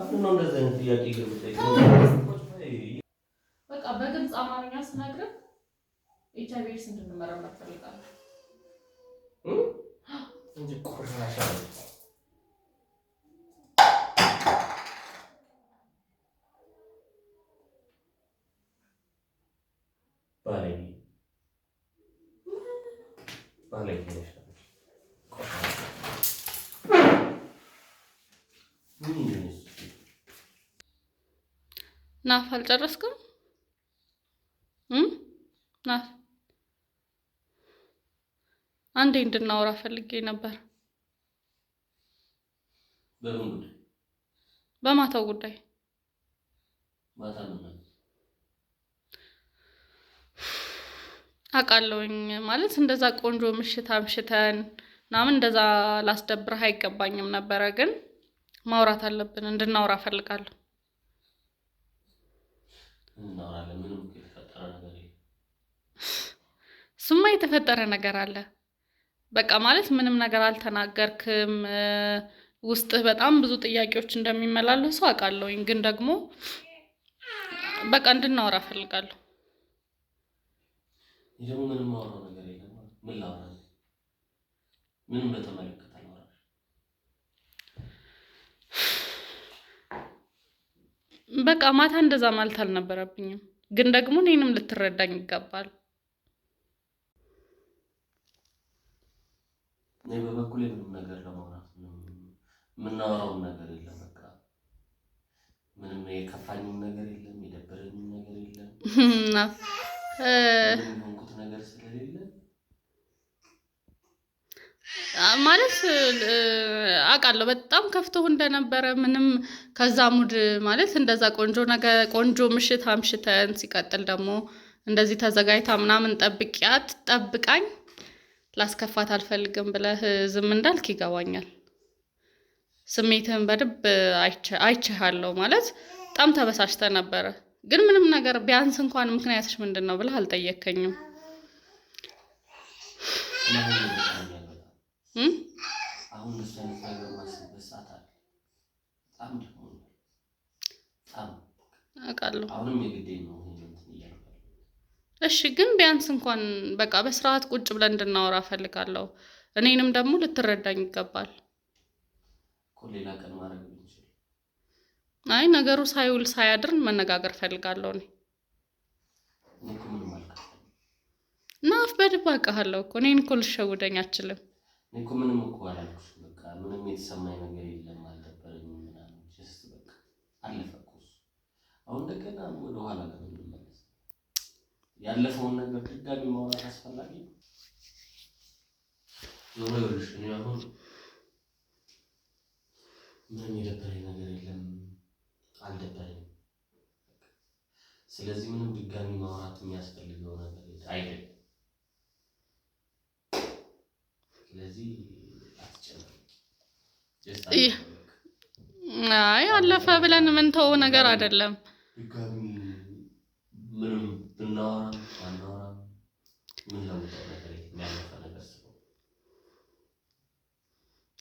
ማንኛውም እንደዚህ ጥያቄ በቃ በግልጽ አማርኛ ስነግርህ ኤች አይ ቪ ኤድስ ባለጌ ናፍ አልጨረስክም? ናፍ አንዴ እንድናወራ ፈልጌ ነበር። በማታው ጉዳይ አውቃለሁኝ። ማለት እንደዛ ቆንጆ ምሽት አምሽተን ምናምን እንደዛ ላስደብርህ አይገባኝም ነበረ፣ ግን ማውራት አለብን። እንድናወራ ፈልጋለሁ። እናወራለን። የተፈጠረ ነገር እሱማ የተፈጠረ ነገር አለ። በቃ ማለት ምንም ነገር አልተናገርክም። ውስጥህ በጣም ብዙ ጥያቄዎች እንደሚመላለሱ አውቃለሁኝ፣ ግን ደግሞ በቃ እንድናወራ እፈልጋለሁ። ምንም በተመለከተ በቃ ማታ እንደዛ ማለት አልነበረብኝም፣ ግን ደግሞ እኔንም ልትረዳኝ ይገባል። እኔ በበኩሌ ምንም ነገር ለማውራት የምናወራውን ነገር የለም። በቃ ምንም የከፋኝም ነገር የለም፣ የደበረኝም ነገር የለም። ማለት አውቃለሁ በጣም ከፍቶ እንደነበረ ምንም ከዛ ሙድ ማለት እንደዛ ቆንጆ ነገ ቆንጆ ምሽት አምሽተን ሲቀጥል ደግሞ እንደዚህ ተዘጋጅታ ምናምን ጠብቂያት ጠብቃኝ ላስከፋት አልፈልግም ብለህ ዝም እንዳልክ ይገባኛል። ስሜትህን በድብ አይችሃለሁ። ማለት በጣም ተበሳሽተ ነበረ፣ ግን ምንም ነገር ቢያንስ እንኳን ምክንያትሽ ምንድን ነው ብለህ አልጠየከኝም። እሺ፣ ግን ቢያንስ እንኳን በቃ በስርዓት ቁጭ ብለን እንድናወራ እፈልጋለሁ። እኔንም ደግሞ ልትረዳኝ ይገባል አይ ነገሩ ሳይውል ሳያድር መነጋገር እፈልጋለሁ እኔ እና አፍ በድብ አውቃለሁ እኮ እኔን እኮ አችልም። እኔ እኮ ምንም እኮ አላልኩሽ፣ በቃ ምንም የተሰማኝ ነገር የለም አልነበረኝ ምናምን ጀስት በቃ አለፈ እኮ እሱ። አሁን እንደገና ወደኋላ ነው ያለፈውን ነገር ድጋሚ ማውራት አስፈላጊ ነው። ዞሮ ይኸውልሽ እኔ አሁን ምንም የደበረኝ ነገር የለም አልደበረኝም። ስለዚህ ምንም ድጋሚ ማውራት የሚያስፈልገው ነገር አይደለም። አይ አለፈ ብለን የምንተወው ነገር አይደለም።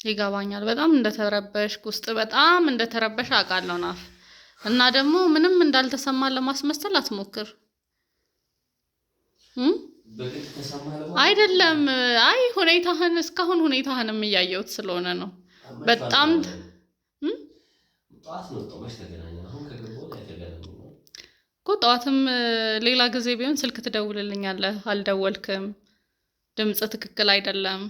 ይገባኛል። በጣም እንደተረበሽ ውስጥ በጣም እንደተረበሽ አውቃለሁ ናፍ እና ደግሞ ምንም እንዳልተሰማ ለማስመሰል አትሞክር። አይደለም። አይ ሁኔታህን እስካሁን ሁኔታህንም እያየሁት ስለሆነ ነው። በጣም እኮ ጠዋትም ሌላ ጊዜ ቢሆን ስልክ ትደውልልኛለህ፣ አልደወልክም። ድምፅ ትክክል አይደለም።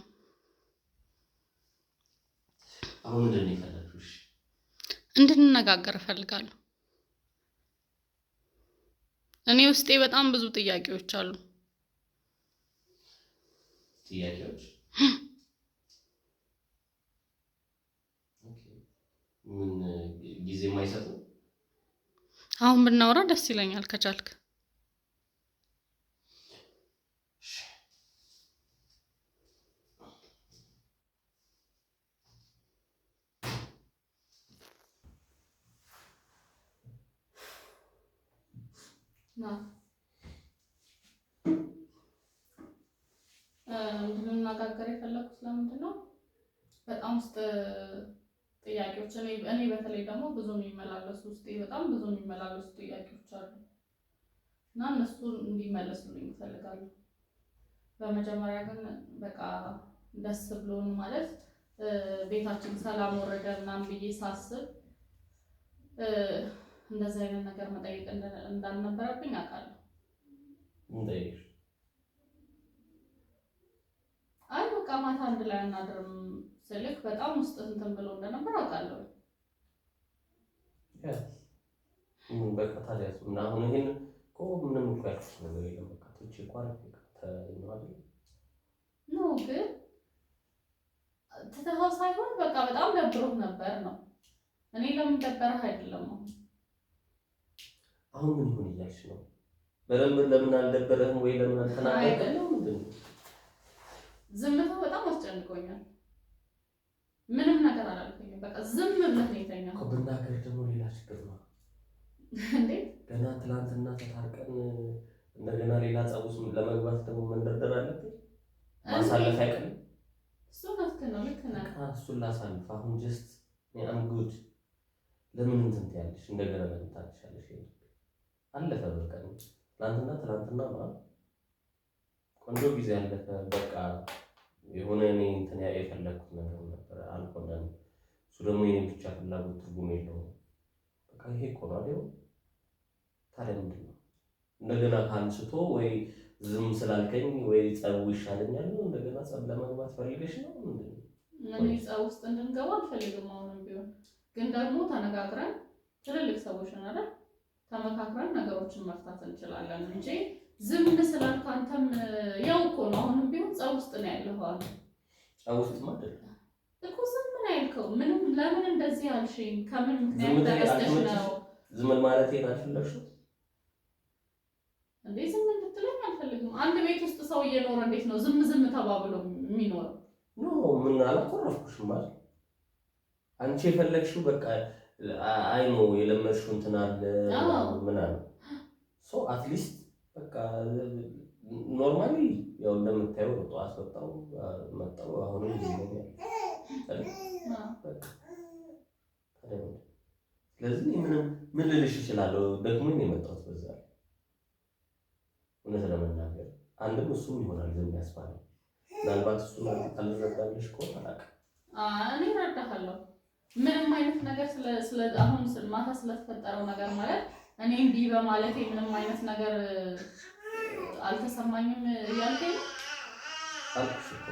እንድንነጋገር እፈልጋለሁ። እኔ ውስጤ በጣም ብዙ ጥያቄዎች አሉ። ጥያቄዎች ጊዜ የማይሰጥ አሁን ብናወራ ደስ ይለኛል ከቻልክ። ነው ውስጥ ጥያቄዎች እኔ በተለይ ደግሞ ብዙ የሚመላለሱ ውስጤ በጣም ብዙ የሚመላለሱ ጥያቄዎች አሉ እና እነሱ እንዲመለሱልኝ ይፈልጋሉ። በመጀመሪያ ግን በቃ ደስ ብሎን ማለት ቤታችን ሰላም ወረደ ምናምን ብዬ ሳስብ እንደዚህ አይነት ነገር መጠየቅ እንዳልነበረብኝ አውቃለሁ። አይ በቃ ማታ አንድ ላይ አናድርም ስልክ በጣም ውስጥ እንትን ብሎ እንደነበር አውቃለሁ። በቃ ታዲያ እና አሁን ይሄን እኮ ምንም እኮ ነገር የለም። በቃ ትቼ እኮ ግን ትተኸው ሳይሆን በቃ በጣም ደብሮት ነበር ነው። እኔ ለምን ደበረህ አይደለም። አሁን ምን ይሆን እያልሽ ነው? በደንብ ለምን አልደበረህም ወይ ለምን አልተናገርከም? ምንድን ነው ዝምታው በጣም አስጨንቆኛል። ምንም ነገር አላልኩኝም። በቃ ዝም ብለህ ነው የተኛው እኮ ብናገር ደግሞ ሌላ ችግር ነው እንዴ። ገና ትናንትና ተታርቀን እንደገና ሌላ ጸብ ለመግባት ደግሞ መንደርደር አለብን። ማሳለፍ አይቀርም። እሱ ልክ ነው፣ ልክ ነህ። እሱን ላሳልፍ አሁን ጀስት አም ጉድ። ለምን እንትን ትያለሽ? እንደገና ለምን ታልሻለሽ? አለፈ በቃ ትናንትና ትናንትና ማለት ቆንጆ ጊዜ ያለፈ በቃ የሆነ እኔ እንትን የፈለግኩት ነገር ነበር አልሆነም። እሱ ደግሞ የኔ ብቻ ፍላጎት ትርጉም የለውም። በቃ ይሄ እኮ ነው አይደል? ታዲያ ምንድን ነው እንደገና ከአንስቶ ወይ ዝም ስላልከኝ ወይ ጸቡ ይሻለኛል እንደገና ጸብ ለመግባት ፈልገሽ ነው ምንድን ነው? እኔ ጸብ ውስጥ እንድንገባ አልፈልግም። አሁንም ቢሆን ግን ደግሞ ተነጋግረን ትልልቅ ሰዎች ነን አይደል? ተመካክረን ነገሮችን መፍታት እንችላለን እንጂ ዝም ስላልኩ አንተም ያው እኮ ነው። አሁንም ቢሆን ውስጥ ነው ያለኸው አለ። ውስጥ ማለት እኮ ዝም ምን ያልከው ምንም ለምን እንደዚህ አልሽኝ? ከምን ምክንያት ተነስተሽ ነው? ዝም ማለት እንዴ? ዝም እንድትለኝ አልፈልግም። አንድ ቤት ውስጥ ሰው እየኖረ እንዴት ነው ዝም ዝም ተባብሎ የሚኖረው? ምን ማለት አንቺ የፈለግሽው በቃ አይ ነው የለመድሽው እንትን አለ ምናምን ሶ አትሊስት በቃ ኖርማሊ ያው እንደምታየው ነው። ጠዋት ወጣሁ መጣው አሁንም ይገኛል። ስለዚህ ምንም ምን ልልሽ እችላለሁ? ደግሞ የመጣሁት በዛ እውነት ለመናገር አንድም እሱም ይሆናል ዝም ያስባል። ምናልባት እሱ አልረዳልሽ ከሆነ አላውቅም። እኔ እረዳሃለሁ። ምንም አይነት ነገር ስለ አሁን ማታ ስለተፈጠረው ነገር ማለት እኔ እንዲህ በማለቴ ምንም አይነት ነገር አልተሰማኝም እያልከኝ አልኩሽ እኮ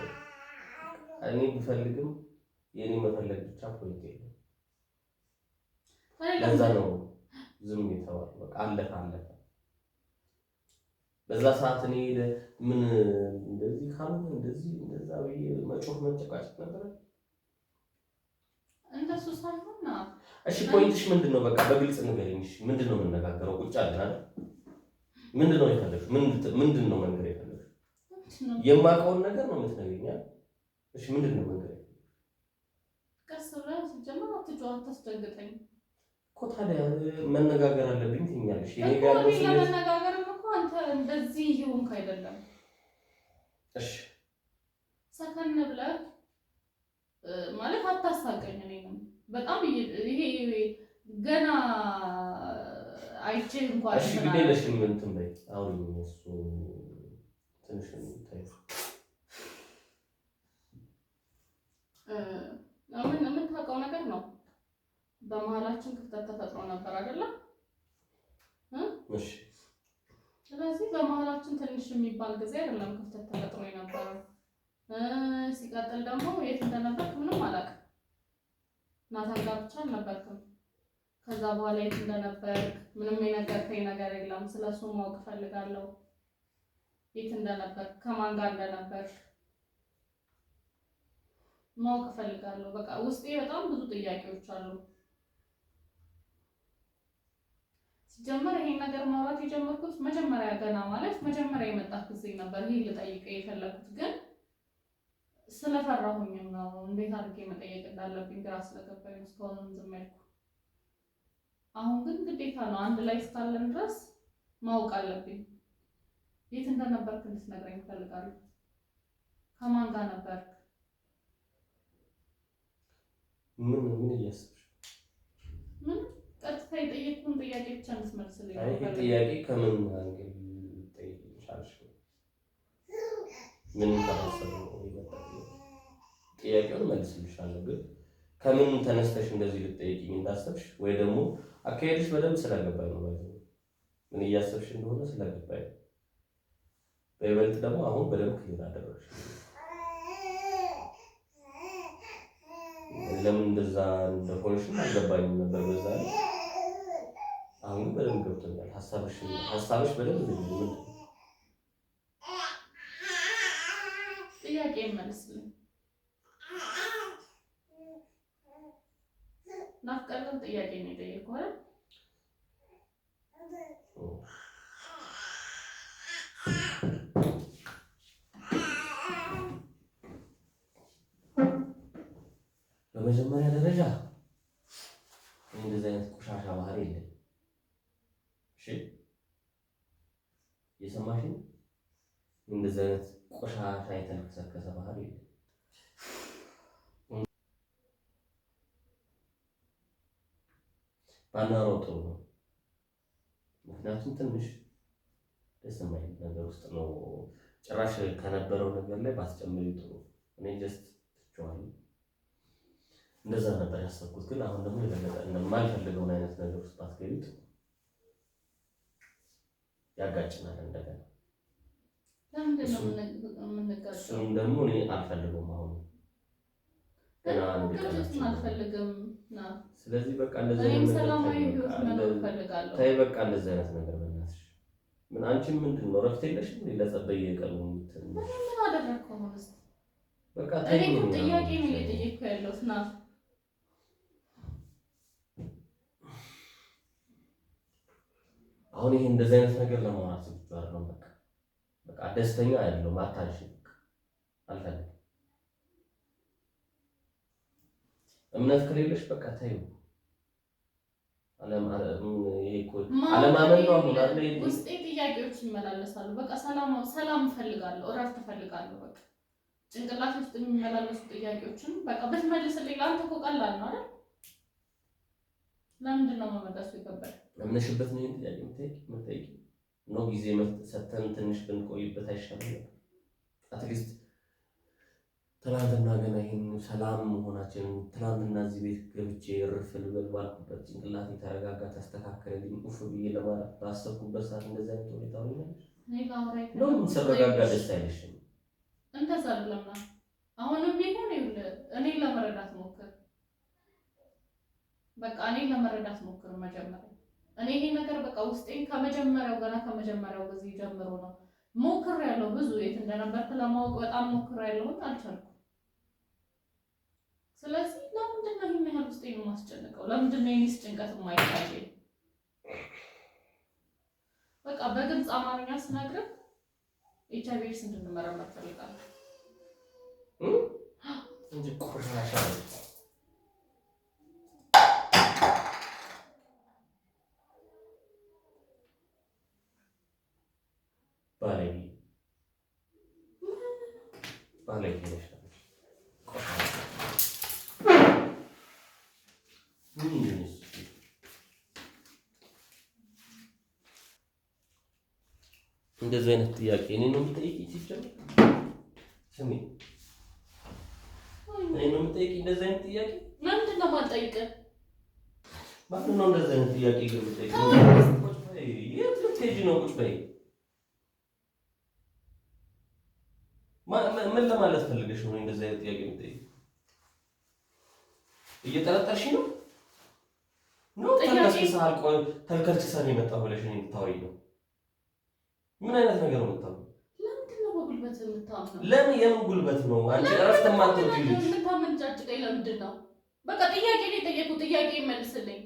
እኔ ብፈልግም የኔ መፈለግ ብቻ ፖይንት የለም። ለዛ ነው ዝም የተባለ በቃ አለፈ አለፈ። በዛ ሰዓት እኔ ምን እንደዚህ ካልሆነ እንደዚህ እንደዛ ብዬ መጮህ መጨቃጨቅ ነበረ። እንደሱ ሳይሆን እሺ፣ ፖይንትሽ ምንድን ነው? በቃ በግልጽ ንገሪኝ። ምንድን ነው የምነጋገረው? ቁጭ አለን አይደል? ምንድን ነው የፈለግሽው? ምንድን ነው መንገር የፈለግሽው? የማውቀውን ነገር ነው የምትነግሪኝ። እሺ፣ ምንድን ነው መንገር? ቀስ ብለህ ስትጀምር አትጮህ፣ አታስደንግጠኝ እኮ። ታዲያ መነጋገር አለብኝ ትይኛለሽ። ለመነጋገርም እኮ አንተ እንደዚህ ይሁንክ አይደለም። እሺ፣ ሰከን ብለህ ማለት አታሳቀኝ። እኔንም በጣም ይሄ ገና አይቼ እንኳን እሺ፣ ግዴ ለሽን እንትን አሁን እሱ ትንሽ ምን የምታውቀው ነገር ነው። በመሀላችን ክፍተት ተፈጥሮ ነበር አይደለም? ስለዚህ በመሀላችን ትንሽ የሚባል ጊዜ አይደለም ክፍተት ተፈጥሮ የነበረው። ሲቀጥል ደግሞ የት እንደነበርክ ምንም አላውቅም። ናታን ጋር ብቻ አልነበርክም። ከዛ በኋላ የት እንደነበርክ ምንም የነገርከኝ ነገር የለም። ስለሱ ማወቅ እፈልጋለሁ። የት እንደነበርክ፣ ከማን ጋር እንደነበርክ ማወቅ እፈልጋለሁ። በቃ ውስጤ በጣም ብዙ ጥያቄዎች አሉ። ሲጀመር ይሄን ነገር ማውራት የጀመርኩት መጀመሪያ ገና ማለት መጀመሪያ የመጣህ ጊዜ ነበር። ይሄን ልጠይቀህ የፈለኩት ግን ስለፈራሁኝም ነው። እንዴት አድርጌ መጠየቅ እንዳለብኝ ግራ ስለገባኝ እስከሆነም ዝም ያልኩ። አሁን ግን ግዴታ ነው። አንድ ላይ እስካለን ድረስ ማወቅ አለብኝ። የት እንደነበርክ እንድትነግረኝ ይፈልጋሉ። ከማን ጋር ነበርክ? ምን ምን እያሰብሽ? ምን ቀጥታ የጠየቅኩን ጥያቄ ብቻ እንድትመልስልኝ። አይ ጥያቄ ከምን አንገል ጠይቅ ይቻልሽ? ምን ተፈሰነ? ጥያቄውን መልስልሻለሁ። ግን ከምን ተነስተሽ እንደዚህ ልትጠይቂኝ እንዳሰብሽ ወይ ደግሞ አካሄድሽ በደንብ ስለገባኝ ነው ማለት ነው። ምን እያሰብሽ እንደሆነ ስለገባኝ ነው። በይበልጥ ደግሞ አሁን በደንብ ክሊር አደረግሽ። ለምን እንደዛ እንደሆንሽም አልገባኝም ነበር በዛ አሁን በደንብ ገብቶኛል። ሀሳብሽ ሀሳብሽ በደንብ ጥያቄ ነው የጠየቀው። በመጀመሪያ ደረጃ እንደዚህ አይነት ቆሻሻ ባህሪ የለም። እሺ፣ እንደዚህ አይነት ቆሻሻ የተልከሰከሰ ባህሪ የለም። ባናወራው ነው። ምክንያቱም ትንሽ ደስ የማይል ነገር ውስጥ ነው። ጭራሽ ከነበረው ነገር ላይ ባስጨምሪ ጥሩ። እኔ ጀስት ትቼዋለሁ። እንደዛ ነበር ያሰብኩት፣ ግን አሁን ደግሞ የበለጠ እንደማልፈልገውን አይነት ነገር ውስጥ ባትገቢ ጥሩ። ያጋጭናል እንደገና። እሱም ደግሞ እኔ አልፈልገውም አሁን አልፈልግም። ስለዚህ በቃ እንደዚህ አይነት ነገር በእናትሽ ምን አንቺን ምንድን ነው ረፍት የለሽ ለጸበየ ቀኑ በቃ ነው አሁን ይሄ እንደዚህ አይነት ነገር ለማውራት ነው። በቃ ደስተኛ አይደለም። አታንሽ አልፈልግም እምነት ከሌለሽ በቃ ታዩ አለማመን ነው። አሁን ውስጤ ጥያቄዎች ይመላለሳሉ። በቃ ሰላም ሰላም እፈልጋለሁ፣ እረፍት እፈልጋለሁ። በቃ ጭንቅላት ውስጥ የሚመላለሱ ጥያቄዎችን በቃ ብትመልስልኝ አንተ እኮ ቀላል ነው አይደል? ለምንድን ነው መመለሱ ይገባል። እምነሽበት ነው ጥያቄ የምትጠይቂው ነው። ጊዜ ሰተን ትንሽ ብንቆይበት አይሻልም? አትሊስት ትላንትና ገና ይህን ሰላም መሆናችን ትናንትና እዚህ ቤት ገብቼ እርፍ ልበል ባልኩበት ጭንቅላት የተረጋጋ ተስተካከለልኝ። ቁፍ ብዬ ለማለት ባሰብኩበት ሰዓት እንደዚህ አይነት ሁኔታ ሆኛል። ስረጋጋ ደስ አይለሽም? እንደዛ አሁንም ቢሆን እኔ ለመረዳት ሞክር፣ በቃ እኔ ለመረዳት ሞክር። መጀመሪያ እኔ ይሄ ነገር በቃ ውስጤን ከመጀመሪያው ገና ከመጀመሪያው ጊዜ ጀምሮ ነው ሞክር ያለው ብዙ የት እንደነበርክ ለማወቅ በጣም ሞክር ያለውን አልቻልኩም። ስለዚህ ለምንድን ነው ይህን ያህል ውስጥ የማስጨንቀው? ለምንድን ነው የኔስ ጭንቀት የማይታየኝ? በቃ በግልጽ አማርኛ ስነግርህ ኤች አይ ቪ ኤድስ እንድንመረመር ፈልጋለሁ። Minus. እንደዚህ አይነት ጥያቄ እኔ ነው የምጠይቅ ሲጀምር ስሜ እኔ ነው የምጠይቅ እንደዚህ አይነት ጥያቄ ምንድን ነው ማጠይቀ ማለት ነው። እንደዚህ አይነት ጥያቄ ግን የምጠይቅ የት ልትሄጂ ነው? ቁጭ በይ። ምን ለማለት ፈልገሽ ነው እንደዚህ አይነት ጥያቄ የምጠይቅ? እየጠረጠርሽ ነው ተልከልክሰን የመጣ ብለሽ የምታወሪኝ ነው? ምን አይነት ነገር ነው የምታወሪው? ለምን የምን ጉልበት ነው? አንቺ እረፍት የማትወጪ ልጅ የምታመንጫጭቀኝ ለምንድን ነው? በቃ ጥያቄ ነው የጠየኩት፣ ጥያቄ ይመልስልኝ።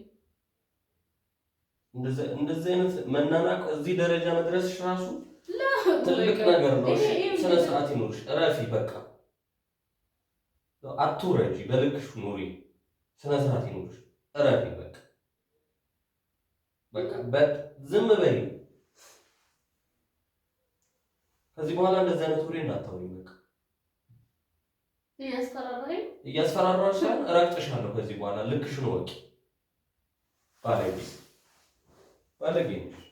እንደዚህ አይነት መናናቅ እዚህ ደረጃ መድረስሽ ራሱ ትልቅ ነገር ነው። ስነ ስርዓት ይኖርሽ፣ እረፊ። በቃ አትውረጂ፣ በልክሽ ኑሪ። ስነ ስርዓት ይኖርሽ፣ እረፊ። በቃ ዝም በይ። ከዚህ በኋላ እንደዚህ አይነት ወሬ እንዳታወሪ። በቃ እረግጥሻለሁ። ከዚህ በኋላ ልክሽን ወቂ። ባለጌ ባለጌ ነሽ።